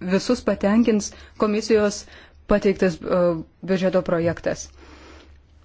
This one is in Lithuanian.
visus patenkins komisijos pateiktas e, biudžeto projektas.